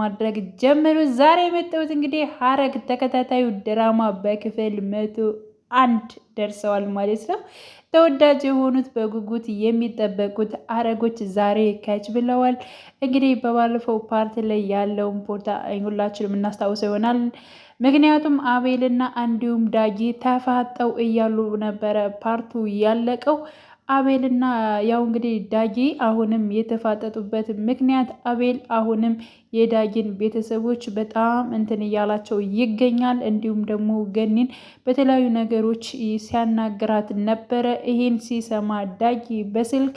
ማድረግ ጀምሩ። ዛሬ የመጣሁት እንግዲህ ሐረግ ተከታታዩ ድራማ በክፍል መቶ አንድ ደርሰዋል ማለት ነው። ተወዳጅ የሆኑት በጉጉት የሚጠበቁት ሐረጎች ዛሬ ከች ብለዋል። እንግዲህ በባለፈው ፓርት ላይ ያለውን ቦታ ሁላችንም እናስታውሰው ይሆናል። ምክንያቱም አቤልና እንዲሁም ዳጊ ተፋጠው እያሉ ነበረ ፓርቱ ያለቀው አቤልና ያው እንግዲህ ዳጊ አሁንም የተፋጠጡበት ምክንያት አቤል አሁንም የዳጊን ቤተሰቦች በጣም እንትን እያላቸው ይገኛል። እንዲሁም ደግሞ ገኒን በተለያዩ ነገሮች ሲያናግራት ነበረ። ይህን ሲሰማ ዳጊ በስልክ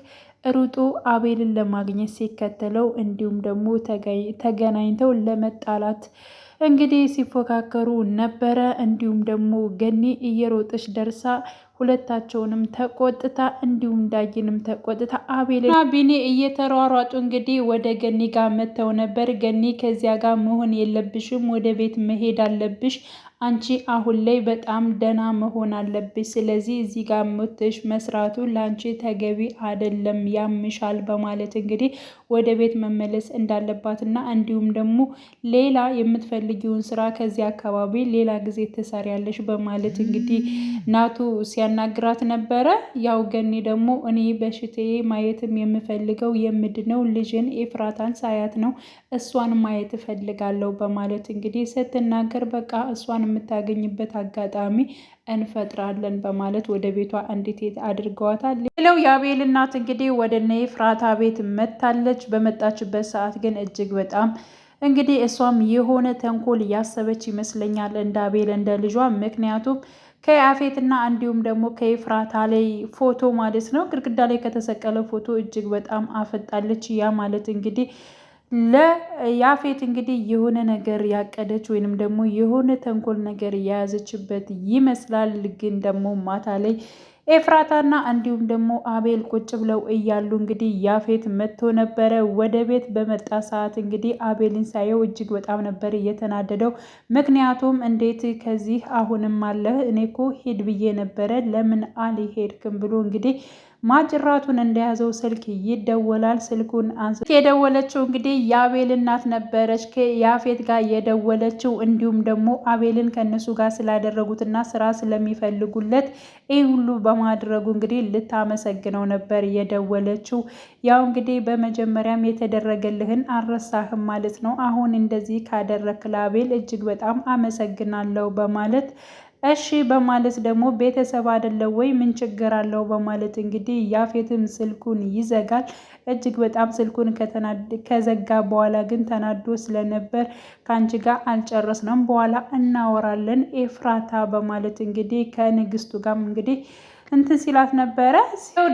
ሩጦ አቤልን ለማግኘት ሲከተለው እንዲሁም ደግሞ ተገናኝተው ለመጣላት እንግዲህ ሲፎካከሩ ነበረ። እንዲሁም ደግሞ ገኒ እየሮጠች ደርሳ ሁለታቸውንም ተቆጥታ እንዲሁም ዳጊንም ተቆጥታ አቤልና ቢኒ እየተሯሯጡ እንግዲህ ወደ ገኒ ጋር መጥተው ነበር። ገኒ ከዚያ ጋር መሆን የለብሽም፣ ወደ ቤት መሄድ አለብሽ አንቺ አሁን ላይ በጣም ደህና መሆን አለብሽ። ስለዚህ እዚህ ጋር መጥተሽ መስራቱ ለአንቺ ተገቢ አይደለም፣ ያምሻል በማለት እንግዲህ ወደ ቤት መመለስ እንዳለባትና እንዲሁም ደግሞ ሌላ የምትፈልጊውን ስራ ከዚህ አካባቢ ሌላ ጊዜ ትሰሪያለሽ በማለት እንግዲህ ናቱ ሲያናግራት ነበረ። ያው ገኒ ደግሞ እኔ በሽታዬ ማየትም የምፈልገው የምድነው ልጅን ኤፍራታን ሳያት ነው፣ እሷን ማየት እፈልጋለሁ በማለት እንግዲህ ስትናገር በቃ እሷን የምታገኝበት አጋጣሚ እንፈጥራለን በማለት ወደ ቤቷ እንድትሄድ አድርገዋታል። ሌላው የአቤል እናት እንግዲህ ወደ እነ ኤፍራታ ቤት መታለች። በመጣችበት ሰዓት ግን እጅግ በጣም እንግዲህ እሷም የሆነ ተንኮል ያሰበች ይመስለኛል እንደ አቤል እንደ ልጇ ምክንያቱም ከአፌትና እንዲሁም ደግሞ ከኤፍራታ ላይ ፎቶ ማለት ነው ግድግዳ ላይ ከተሰቀለ ፎቶ እጅግ በጣም አፈጣለች። ያ ማለት እንግዲህ ለያፌት እንግዲህ የሆነ ነገር ያቀደች ወይንም ደግሞ የሆነ ተንኮል ነገር የያዘችበት ይመስላል። ግን ደግሞ ማታ ላይ ኤፍራታና እንዲሁም ደግሞ አቤል ቁጭ ብለው እያሉ እንግዲህ ያፌት መጥቶ ነበረ። ወደ ቤት በመጣ ሰዓት እንግዲህ አቤልን ሳየው እጅግ በጣም ነበር እየተናደደው። ምክንያቱም እንዴት ከዚህ አሁንም አለህ? እኔ እኮ ሄድ ብዬ ነበረ ለምን አልሄድክም? ብሎ እንግዲህ ማጅራቱን እንደያዘው ስልክ ይደወላል። ስልኩን አንስ የደወለችው እንግዲህ የአቤል እናት ነበረች ከያፌት ጋር የደወለችው እንዲሁም ደግሞ አቤልን ከነሱ ጋር ስላደረጉትና ስራ ስለሚፈልጉለት ይህ ሁሉ በማድረጉ እንግዲህ ልታመሰግነው ነበር የደወለችው። ያው እንግዲህ በመጀመሪያም የተደረገልህን አልረሳህም ማለት ነው። አሁን እንደዚህ ካደረክ ለአቤል እጅግ በጣም አመሰግናለሁ በማለት እሺ በማለት ደግሞ ቤተሰብ አይደለው ወይ ምን ችግር አለው በማለት እንግዲህ ያፌትም ስልኩን ይዘጋል። እጅግ በጣም ስልኩን ከዘጋ በኋላ ግን ተናዶ ስለነበር ከአንቺ ጋር አልጨረስንም በኋላ እናወራለን ኤፍራታ በማለት እንግዲህ ከንግስቱ ጋርም እንግዲህ እንትን ሲላት ነበረ።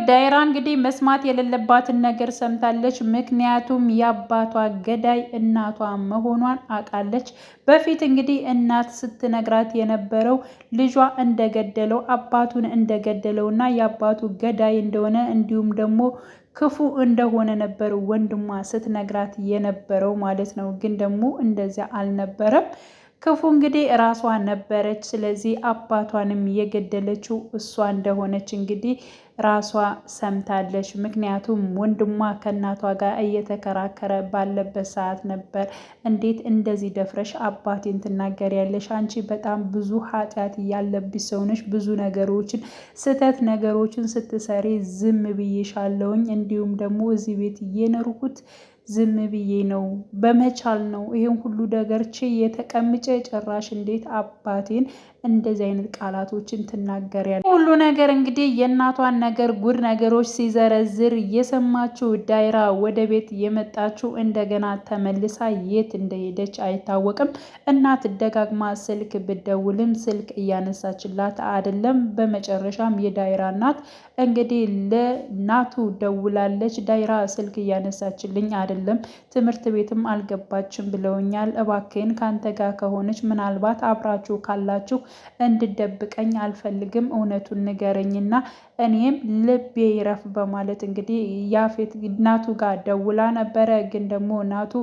ዳይራ እንግዲህ መስማት የሌለባትን ነገር ሰምታለች። ምክንያቱም የአባቷ ገዳይ እናቷ መሆኗን አውቃለች። በፊት እንግዲህ እናት ስትነግራት የነበረው ልጇ እንደገደለው አባቱን እንደገደለው እና የአባቱ ገዳይ እንደሆነ እንዲሁም ደግሞ ክፉ እንደሆነ ነበር ወንድሟ ስትነግራት የነበረው ማለት ነው። ግን ደግሞ እንደዚያ አልነበረም። ክፉ እንግዲህ ራሷ ነበረች። ስለዚህ አባቷንም የገደለችው እሷ እንደሆነች እንግዲህ ራሷ ሰምታለች። ምክንያቱም ወንድሟ ከእናቷ ጋር እየተከራከረ ባለበት ሰዓት ነበር እንዴት እንደዚህ ደፍረሽ አባቴን ትናገሪያለሽ? አንቺ በጣም ብዙ ኃጢአት ያለብሽ ሰው ነሽ። ብዙ ነገሮችን ስህተት ነገሮችን ስትሰሪ ዝም ብዬሻለሁኝ። እንዲሁም ደግሞ እዚህ ቤት የኖርኩት ዝም ብዬ ነው በመቻል ነው ይህን ሁሉ ደገርቼ የተቀምጨ ጭራሽ እንዴት አባቴን እንደዚህ አይነት ቃላቶችን ትናገሪያለሽ? ሁሉ ነገር እንግዲህ የእናቷን ነገር ጉድ ነገሮች ሲዘረዝር የሰማችው ዳይራ ወደ ቤት የመጣችው እንደገና ተመልሳ የት እንደሄደች አይታወቅም። እናት ደጋግማ ስልክ ብደውልም ስልክ እያነሳችላት አይደለም። በመጨረሻም የዳይራ እናት እንግዲህ ለናቱ ደውላለች። ዳይራ ስልክ እያነሳችልኝ አይደለም አይደለም ትምህርት ቤትም አልገባችም ብለውኛል። እባክህን ከአንተ ጋር ከሆነች ምናልባት አብራችሁ ካላችሁ እንድደብቀኝ አልፈልግም። እውነቱን ንገረኝና እኔም ልቤ ይረፍ በማለት እንግዲህ ያፌት እናቱ ጋር ደውላ ነበረ። ግን ደግሞ እናቱ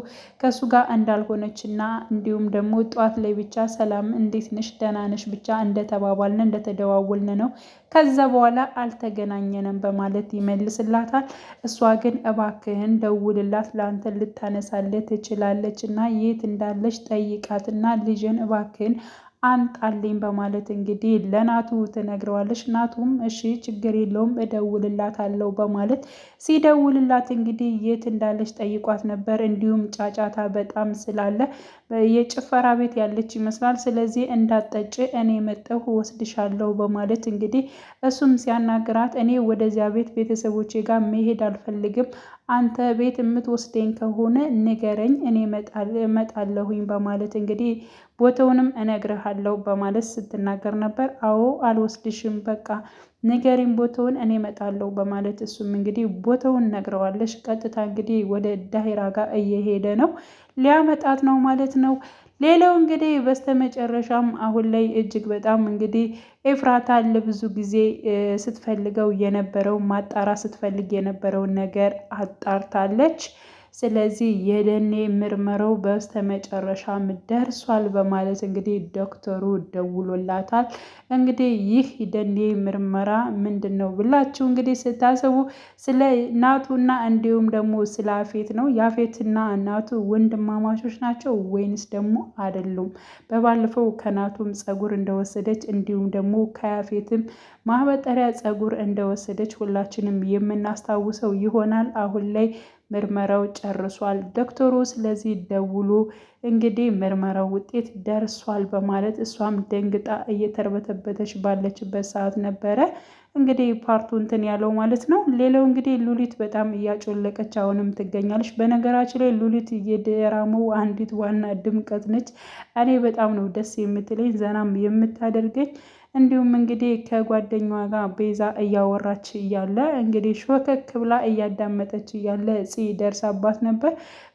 ከእሱ ጋር እንዳልሆነች እና እንዲሁም ደግሞ ጠዋት ላይ ብቻ ሰላም እንዴት ነሽ ደህና ነሽ ብቻ እንደተባባልን እንደተደዋወልን ነው ከዛ በኋላ አልተገናኘንም በማለት ይመልስላታል። እሷ ግን እባክህን ደውልላት ለአንተ ልታነሳለ ትችላለች እና የት እንዳለች ጠይቃትና ልጅን እባክህን አምጣልኝ በማለት እንግዲህ ለናቱ ትነግረዋለች። ናቱም እሺ ችግር የለውም እደውልላት አለው በማለት ሲደውልላት እንግዲህ የት እንዳለች ጠይቋት ነበር። እንዲሁም ጫጫታ በጣም ስላለ የጭፈራ ቤት ያለች ይመስላል። ስለዚህ እንዳጠጭ እኔ መጠሁ ወስድሻለሁ በማለት እንግዲህ እሱም ሲያናግራት እኔ ወደዚያ ቤት ቤተሰቦቼ ጋር መሄድ አልፈልግም አንተ ቤት የምትወስደኝ ከሆነ ንገረኝ፣ እኔ እመጣለሁኝ በማለት እንግዲህ ቦታውንም እነግርሃለሁ በማለት ስትናገር ነበር። አዎ አልወስድሽም፣ በቃ ንገሪኝ ቦታውን፣ እኔ እመጣለሁ በማለት እሱም እንግዲህ ቦታውን ነግረዋለች። ቀጥታ እንግዲህ ወደ ዳሄራ ጋር እየሄደ ነው፣ ሊያመጣት ነው ማለት ነው። ሌላው እንግዲህ በስተመጨረሻም አሁን ላይ እጅግ በጣም እንግዲህ ኤፍራታን ለብዙ ጊዜ ስትፈልገው የነበረውን ማጣራ ስትፈልግ የነበረውን ነገር አጣርታለች። ስለዚህ የደኔ ምርመራው በስተመጨረሻም ደርሷል በማለት እንግዲህ ዶክተሩ ደውሎላታል። እንግዲህ ይህ የደኔ ምርመራ ምንድን ነው ብላችሁ እንግዲህ ስታስቡ ስለ እናቱና እንዲሁም ደግሞ ስለ አፌት ነው። የአፌትና እናቱ ወንድማማቾች ናቸው ወይንስ ደግሞ አይደሉም? በባለፈው ከናቱም ጸጉር እንደወሰደች እንዲሁም ደግሞ ከያፌትም ማበጠሪያ ጸጉር እንደወሰደች ሁላችንም የምናስታውሰው ይሆናል። አሁን ላይ ምርመራው ጨርሷል፣ ዶክተሩ ስለዚህ ደውሉ እንግዲህ ምርመራው ውጤት ደርሷል በማለት እሷም ደንግጣ እየተርበተበተች ባለችበት ሰዓት ነበረ እንግዲህ ፓርቱ እንትን ያለው ማለት ነው። ሌላው እንግዲህ ሉሊት በጣም እያጮለቀች አሁንም ትገኛለች። በነገራችን ላይ ሉሊት የድራማው አንዲት ዋና ድምቀት ነች። እኔ በጣም ነው ደስ የምትለኝ ዘናም የምታደርገኝ እንዲሁም እንግዲህ ከጓደኛዋ ጋር ቤዛ እያወራች እያለ እንግዲህ ሾከክ ብላ እያዳመጠች እያለ ፂ ደርሳባት ነበር።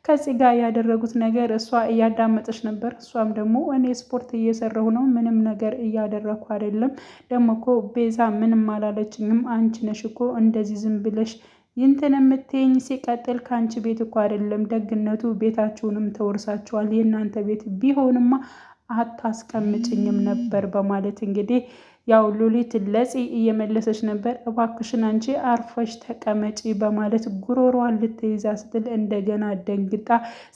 ከፂ ጋር ያደረጉት ነገር እሷ እያዳመጠች ነበር፣ እሷም ደግሞ እኔ ስፖርት እየሰራሁ ነው፣ ምንም ነገር እያደረኩ አይደለም፣ ደግሞ እኮ ቤዛ ምንም አላለችኝም፣ አንቺ ነሽ እኮ እንደዚህ ዝም ብለሽ ይንትን የምትይኝ ሲቀጥል ከአንቺ ቤት እኮ አይደለም ደግነቱ ቤታችሁንም ተወርሳችኋል። የእናንተ ቤት ቢሆንማ አታስቀምጭኝም ነበር በማለት እንግዲህ ያው ሉሊት ለጽ እየመለሰች ነበር። እባክሽን አንቺ አርፈሽ ተቀመጪ በማለት ጉሮሯን ልትይዛ ስትል እንደገና ደንግጣ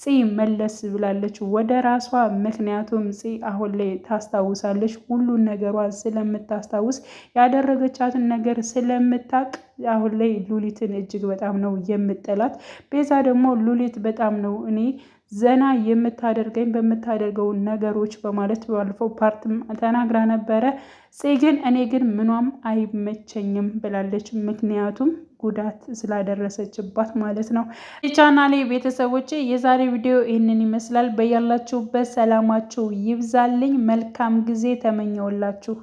ጽ መለስ ብላለች ወደ ራሷ። ምክንያቱም ጽ አሁን ላይ ታስታውሳለች፣ ሁሉን ነገሯን ስለምታስታውስ ያደረገቻትን ነገር ስለምታቅ አሁን ላይ ሉሊትን እጅግ በጣም ነው የምጠላት። ቤዛ ደግሞ ሉሊት በጣም ነው እኔ ዘና የምታደርገኝ በምታደርገው ነገሮች በማለት ባለፈው ፓርት ተናግራ ነበረ። ጽጌ ግን እኔ ግን ምኗም አይመቸኝም ብላለች። ምክንያቱም ጉዳት ስላደረሰችባት ማለት ነው። የቻናሌ ቤተሰቦች የዛሬ ቪዲዮ ይህንን ይመስላል። በያላችሁበት ሰላማችሁ ይብዛልኝ። መልካም ጊዜ ተመኘውላችሁ።